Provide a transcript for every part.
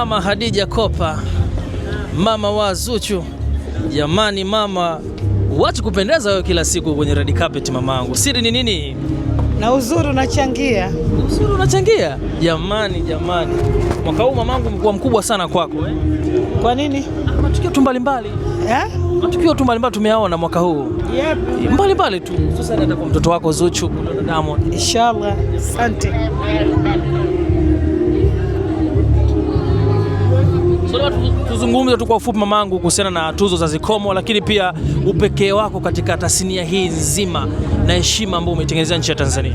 Mama Hadija Kopa, mama wa Zuchu. Jamani mama, watu kupendeza wewe kila siku kwenye red carpet mamangu, siri ni nini? Na uzuri unachangia, uzuri unachangia. Jamani, jamani, mwaka huu mamangu umekuwa mkubwa sana kwako eh? Kwa nini? Matukio tu mbalimbali eh? Matukio tu mbalimbali tumeyaona mwaka huu yep. Mbalimbali tu, Sasa nenda kwa mtoto wako Zuchu, Diamond. Inshallah, asante. So, tuzungumze tu kwa ufupi mamangu, kuhusiana na tuzo za Zikomo, lakini pia upekee wako katika tasnia hii nzima na heshima ambayo umetengenezea nchi ya Tanzania.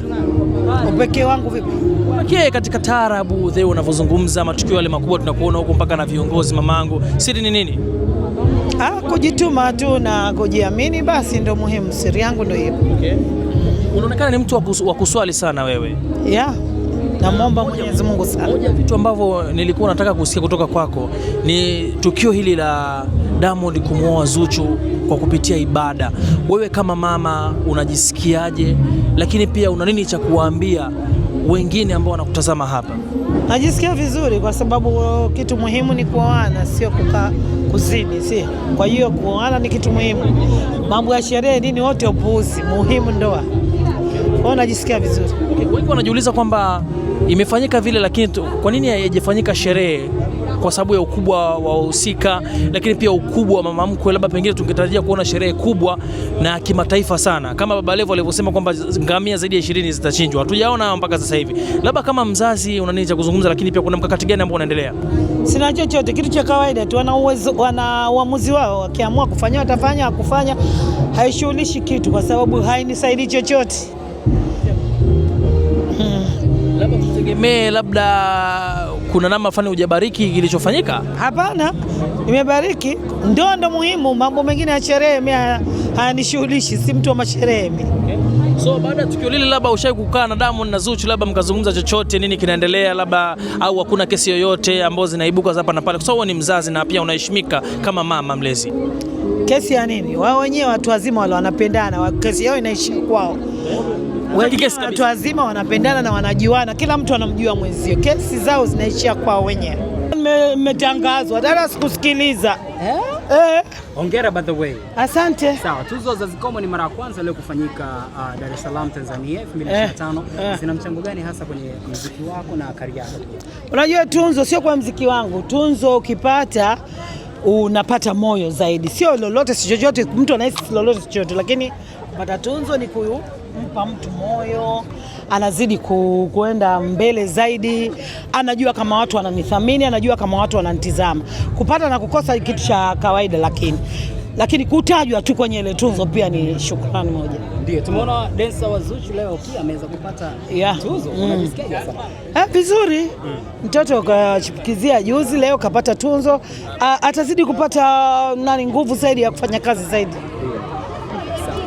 Upekee wangu vipi? Upekee katika taarabu the unavyozungumza matukio yale makubwa tunakuona huko mpaka na viongozi mamangu, siri ni nini? Ah, kujituma tu na kujiamini, basi ndio muhimu. Siri yangu ndio hiyo. Okay. Unaonekana ni mtu wa kuswali sana wewe. Yeah namwomba Mwenyezi Mungu sana. Moja vitu ambavyo nilikuwa nataka kusikia kutoka kwako ni tukio hili la Diamond kumwoa Zuchu kwa kupitia ibada. Wewe kama mama unajisikiaje? Lakini pia una nini cha kuwaambia wengine ambao wanakutazama hapa? Najisikia vizuri kwa sababu kitu muhimu ni kuoana, sio kukaa kuzini, si. Kwa hiyo kuoana ni kitu muhimu. Mambo ya sherehe nini, wote upuuzi, muhimu ndoa. Kwa najisikia vizuri. Wengi wanajiuliza kwamba imefanyika vile, lakini kwa nini haijafanyika sherehe? Kwa sababu ya ukubwa wa wahusika, lakini pia ukubwa wa mama mkwe, labda pengine tungetarajia kuona sherehe kubwa na kimataifa sana, kama Baba Levo alivyosema kwamba ngamia zaidi ya 20 zitachinjwa. Hatujaona mpaka sasa hivi. Labda kama mzazi, una nini cha kuzungumza? Lakini pia kuna mkakati gani ambao unaendelea? Sina chochote, kitu cha kawaida tu. Wana uwezo, wana uamuzi wao, wakiamua kufanya watafanya, wakufanya haishughulishi kitu, kwa sababu hainisaidii chochote. usitegemee labda kuna namna fulani hujabariki kilichofanyika? Hapana, imebariki Ndio ndo muhimu, mambo mengine ya sherehe mimi hayanishughulishi, si mtu wa masherehe mimi. So baada ya tukio lile, labda ushawahi kukaa na Diamond na Zuchu, labda mkazungumza chochote, nini kinaendelea, labda au hakuna kesi yoyote ambazo zinaibuka hapa na pale, kwa sababu ni mzazi na pia unaheshimika kama mama mlezi? Kesi ya nini? Wao wenyewe watu wazima wale wanapendana, kesi yao inaishia kwao watu wazima wanapendana na wanajuana, kila mtu anamjua mwenzio, kesi zao zinaishia kwao wenyewe. Mmetangazwa dada, sikusikiliza eh? Eh. Ongera by the way. Asante. Sawa, tuzo za Zikomo ni mara ya kwanza leo kufanyika uh, Dar es Salaam Tanzania 2025. Eh, eh. Zina mchango gani hasa kwenye muziki wako na kariera yako? Unajua tunzo sio kwa muziki wangu, tunzo ukipata unapata moyo zaidi, sio lolote si chochote, mtu anahisi lolote si chochote, lakini kupata tunzo ni kuyu kumpa mtu moyo, anazidi kuenda mbele zaidi, anajua kama watu wananithamini, anajua kama watu wananitizama. Kupata na kukosa kitu cha kawaida, lakini lakini kutajwa tu kwenye ile tunzo pia ni shukrani moja. Ndio tumeona dancer wa Zuchu leo pia ameweza kupata yeah, tuzo. Mm. Unajisikiaje sasa? Eh, vizuri mm. Mtoto kachipukizia juzi, leo kapata tunzo. atazidi kupata nani nguvu zaidi ya kufanya kazi zaidi. yeah.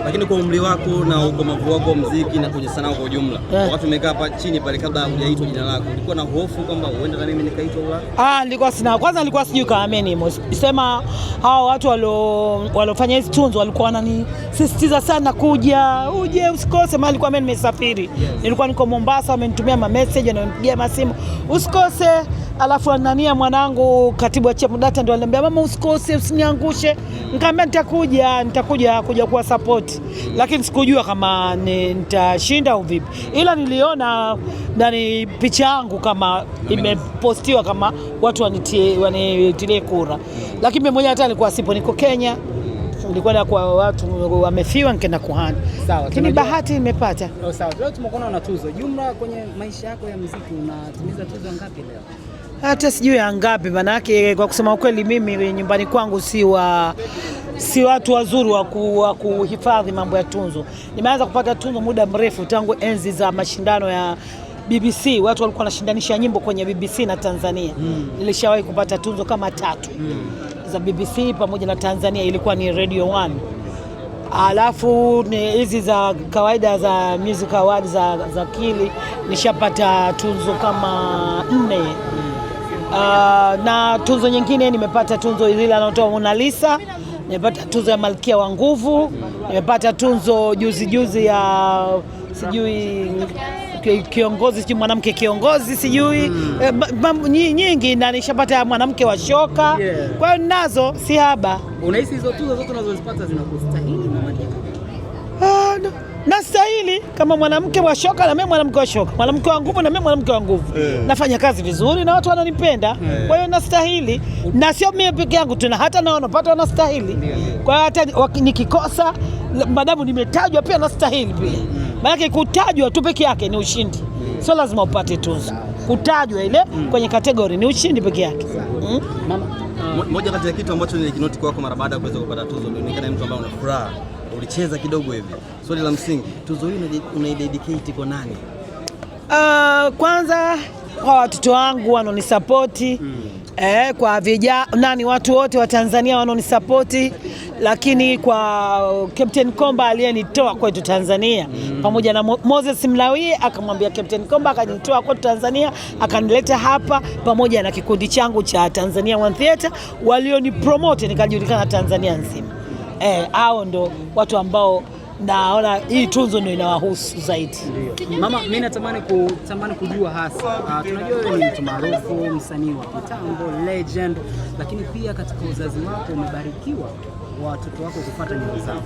Lakini kwa umri wako na ukomavu wako mziki na kwenye sanaa kwa ujumla, yeah. Watu wamekaa hapa chini pale, kabla hujaitwa jina lako, ulikuwa na hofu kwamba huenda na mimi nikaitwa ula? Ah, nilikuwa sina. Kwanza nilikuwa sijui kama mimi kaamini sema hao watu walio waliofanya hizi tunzo walikuwa wananisisitiza sana kuja, uje usikose, maana nilikuwa mimi nimesafiri. Yes. Nilikuwa niko Mombasa, wamenitumia ma message na wamenipigia masimu, usikose. Alafu anania mwanangu katibu wa CHEMDATA ndio aliniambia mama, usikose, usiniangushe. Mm. Nikamwambia nitakuja, nitakuja kuja kuwa support basi, lakini sikujua kama nitashinda au vipi, ila niliona ndani picha yangu kama imepostiwa kama watu wanitie, wanitilie kura, lakini mimi mwenyewe hata nilikuwa sipo, niko Kenya nilikuwa na kwa watu wamefiwa, nikaenda kuhani. Sawa, lakini bahati nimepata. Oh, sawa. Leo tumekuona una tuzo. Jumla kwenye maisha yako ya muziki unatimiza tuzo ngapi leo? Hata sijui ya ngapi, maanake kwa kusema ukweli, mimi nyumbani kwangu si wa si watu wazuri wa kuhifadhi mambo ya tunzo. Nimeanza kupata tunzo muda mrefu, tangu enzi za mashindano ya BBC watu walikuwa wanashindanisha nyimbo kwenye BBC na Tanzania. Hmm. Nilishawahi kupata tunzo kama tatu mm. za BBC pamoja na Tanzania ilikuwa ni Radio 1. Alafu hizi za kawaida za music award za, za Kili nishapata tunzo kama nne uh, na tunzo nyingine nimepata tunzo ile anaotoa Mona Lisa nimepata tuzo ya malkia wa nguvu, nimepata tuzo juzi juzi ya sijui kiongozi sijui mwanamke kiongozi sijui mm. E, nyingi na nishapata mwanamke wa shoka yeah. Kwa hiyo nazo si haba. Unahisi hizo tuzo zote unazozipata zinakustahili? Ah, nastahili kama mwanamke wa shoka na mimi mwanamke wa shoka, mwanamke wa nguvu na mimi mwanamke wa nguvu yeah. Nafanya kazi vizuri na watu wananipenda yeah. Kwa hiyo nastahili, na sio mimi peke yangu, tena, hata na wanapata wanastahili yeah. Kwa hiyo hata nikikosa, madamu nimetajwa, pia nastahili pia, mm. maanake kutajwa tu peke yake ni ushindi, mm. sio lazima upate tuzo. Kutajwa ile mm. kwenye kategori ni ushindi peke yake mm? Mama, ah. moja kati ya kitu ambacho nilikinoti kwako mara baada ya kuweza kupata tuzo, ni kana mtu ambaye una furaha ulicheza kidogo hivi. Swali la msingi, tuzo hii unaidedicate kwa nani? Uh, kwanza kwa watoto wangu wanaonisapoti mm. Eh, kwa vijana nani, watu wote wa Tanzania wanaonisapoti, lakini kwa Captain Komba aliyenitoa kwetu Tanzania mm. pamoja na Moses Mlawi akamwambia Captain Komba akanitoa kwetu Tanzania akanileta hapa pamoja na kikundi changu cha Tanzania One Theatre walionipromote nikajulikana Tanzania nzima. Eh, hao ndo watu ambao naona hii tunzo ndio inawahusu zaidi. Mama, mimi natamani tamani kujua hasa uh, tunajua wewe ni mtu maarufu, msanii wa kitambo, legend, lakini pia katika uzazi wako umebarikiwa watoto wako kufuata nyimbo zao,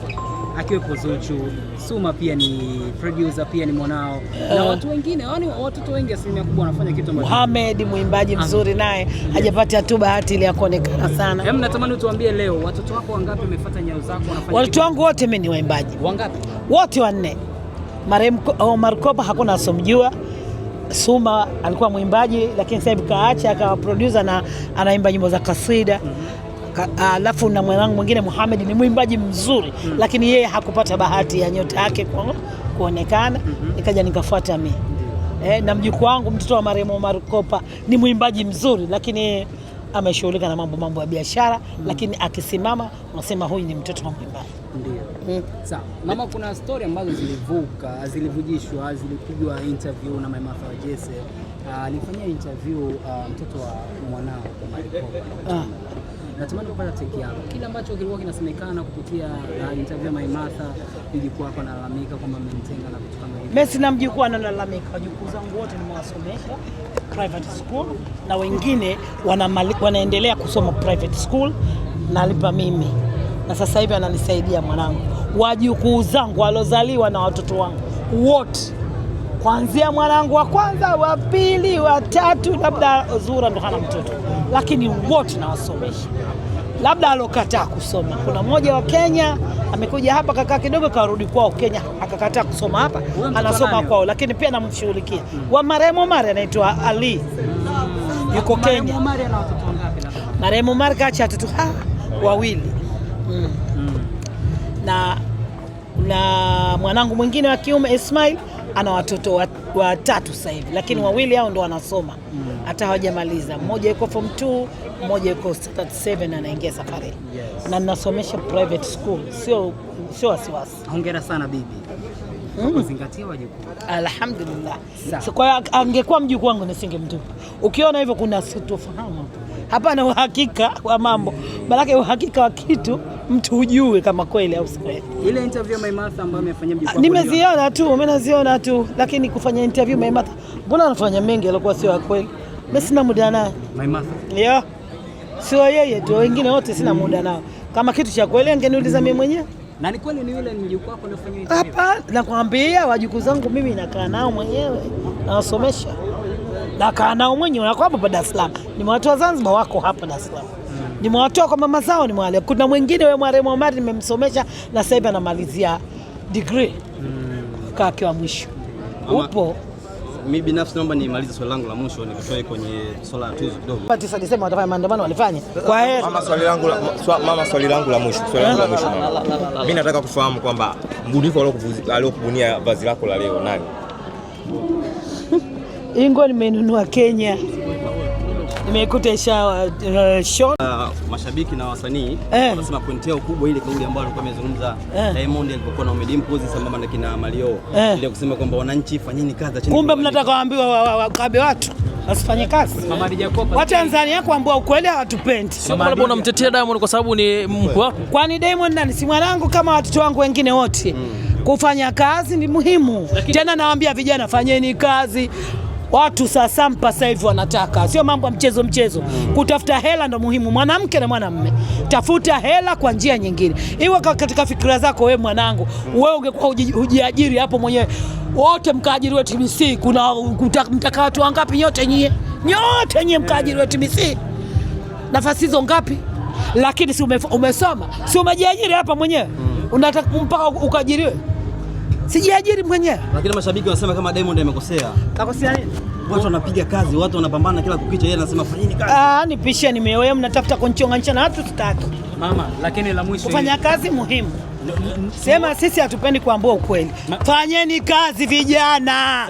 akiwepo Zuchu. Suma pia ni producer, pia ni mwanao uh, na oh. watu wengine, yani watoto wengi asilimia kubwa wanafanya kitu ambacho Muhammad mwimbaji mzuri naye hajapata tu bahati ile ya kuonekana sana. Hem, natamani utuambie leo watoto wako wangapi wamefuata nyayo zako wanafanya? Watoto wangu wote mimi ni waimbaji. Wangapi? wote wanne. Marehemu Omar oh, Kopa hakuna asomjua. Suma alikuwa mwimbaji lakini sasa hivi kaacha akawa producer na anaimba nyimbo za kasida. mm -hmm alafu na mwanangu mwingine Muhammad ni mwimbaji mzuri mm -hmm. lakini yeye hakupata bahati ya nyota yake kuonekana mm -hmm. nikaja nikafuata mimi eh, na mjukuu wangu mtoto wa Maremo Markopa ni mwimbaji mzuri lakini ameshughulika na mambo mambo ya biashara mm. Lakini akisimama unasema huyu ni mtoto wa mwimbaji ndio. mm. Sawa mama, kuna stori ambazo zilivuka zilivujishwa zilipigwa interview na mama Martha Jesse ah, alifanyia uh, interview uh, mtoto wa mwanao Marikopa ah natamani kupata take yako. Kile ambacho kilikuwa kinasemekana kupitia uh, interview ya Maimartha, mjukuu wako analalamika kwamba mmenitenga na vitu kama hivyo. Mimi sina mjukuu analalamika, wajukuu zangu wote nimewasomesha private school na wengine wanaendelea kusoma private school, nalipa mimi na sasa hivi ananisaidia mwanangu. Wajukuu zangu walozaliwa na watoto wangu wote kuanzia mwanangu wa kwanza, wa pili, wa tatu, labda Zura ndo hana mtoto lakini wote nawasomesha. Labda alokataa kusoma, kuna mmoja wa Kenya amekuja hapa kakaa kidogo, karudi kwao Kenya, akakataa kusoma hapa, anasoma kwao, lakini pia namshughulikia. Wa marehemu Omari anaitwa Ali, yuko Kenya. Marehemu Omari kaacha watoto wawili mm. Mm. na na mwanangu mwingine wa kiume Ismail ana watoto watatu sasa hivi, lakini mm. wawili hao ndo wanasoma mm. hata mm. hawajamaliza. Mmoja yuko form 2, mmoja yuko standard 7 anaingia safari yes. na nasomesha private school, sio sio wasiwasi. Hongera sana bibi. Mm. Alhamdulillah. So, kwa hiyo angekuwa mjukuu wangu nisingemtupa. Ukiona hivyo kuna sitofahamu hapa, hapana uhakika wa mambo, maanake uhakika wa kitu mtu ujue kama kweli au si kweli. Ile interview My Maimartha ambayo amefanyia mjukuu, nimeziona tu, mimi naziona tu, lakini kufanya interview My Maimartha, mbona anafanya mengi alikuwa sio ya kweli. Mimi sina muda naye My Maimartha, yeah, sio yeye tu, wengine wote sina muda nao. Kama kitu cha kweli angeniuliza mimi mwenyewe. Na ni kweli ni yule mjukuu wako anafanya interview? Hapa nakwambia, wajukuu zangu mimi nakaa nao mwenyewe, nawasomesha, nakaa nao mwenyewe, wako hapa Dar es Salaam, ni watu wa Zanzibar wako hapa Dar es Salaam. Mm nimewatoa kwa mama zao, ni mwalimu. Kuna mwingine we Mwalimu Omari nimemsomesha na sasa hivi anamalizia degree mm. kake wa mwisho upo mimi binafsi naomba nimalize swali langu la mwisho nikitoe kwenye swala la tuzo kidogo. Kwa 9 Desemba watafanya maandamano walifanya. Kwa heri. Mama swali langu la mama swali langu la mwisho. Swali langu la mwisho. Eh? Mimi nataka kufahamu kwamba mbunifu aliyokubunia vazi lako la leo nani? Ingo nimenunua Kenya isha uh, uh, show. Uh, mashabiki na wasanii eh, wanasema pointi yao kubwa ile kauli ambayo alikuwa amezungumza eh, Diamond alipokuwa na Ommy Dimpoz sambamba na kina Mario eh, ile kusema kwamba wananchi fanyeni kazi chini. Kumbe mnataka waambiwa wakabe wa, wa, watu asifanye kazi Tanzania kuambua ukweli hawatupendi. Unamtetea Diamond kwa sababu ni mkuu wako? Kwani Diamond nani? Si mwanangu kama watoto wangu wengine wote. Hmm. Kufanya kazi ni muhimu. Tena nawaambia vijana, fanyeni kazi. Watu sasampa sasa hivi wanataka, sio mambo ya mchezo mchezo. Mm. Kutafuta hela ndo muhimu, mwanamke na mwanamme, tafuta hela kwa njia nyingine, iwe katika fikira zako. Wewe mwanangu, wewe ungekuwa hujiajiri hapo mwenyewe, wote mkaajiriwe TBC. Kuna mtaka watu wangapi? Nyote nyie, nyote nyie mkaajiriwe TBC. Nafasi hizo ngapi? Lakini si umesoma, si umejiajiri hapa mwenyewe, mm. unataka mpaka ukaajiriwe? sijiajiri mwenyewe. Lakini mashabiki wanasema kama Diamond amekosea. Kakosea nini? Watu wanapiga kazi, watu wanapambana kila kukicha, yeye anasema fanyeni kazi. Ah, nipishe nimeoea, mnatafuta konchonganisha na watu sitaki. Mama, lakini la mwisho kufanya kazi muhimu. Sema sisi hatupendi kuambua ukweli. Fanyeni kazi vijana.